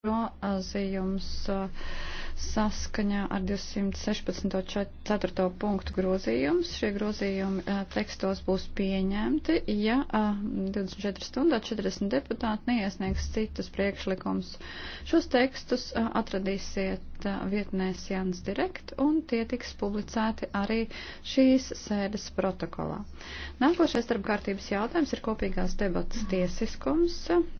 grozījums eh, saskaņā ar 216.4. punktu grozījums. Šie grozījumi eh, tekstos būs pieņemti, ja 24 eh, stundā 40 deputāti neiesniegs citus priekšlikums. Šos tekstus atradīsiet vietnēs Jans Direkt un tie tiks publicēti arī šīs sēdes protokolā. Nākošais starpkārtības jautājums ir kopīgās debatas tiesiskums.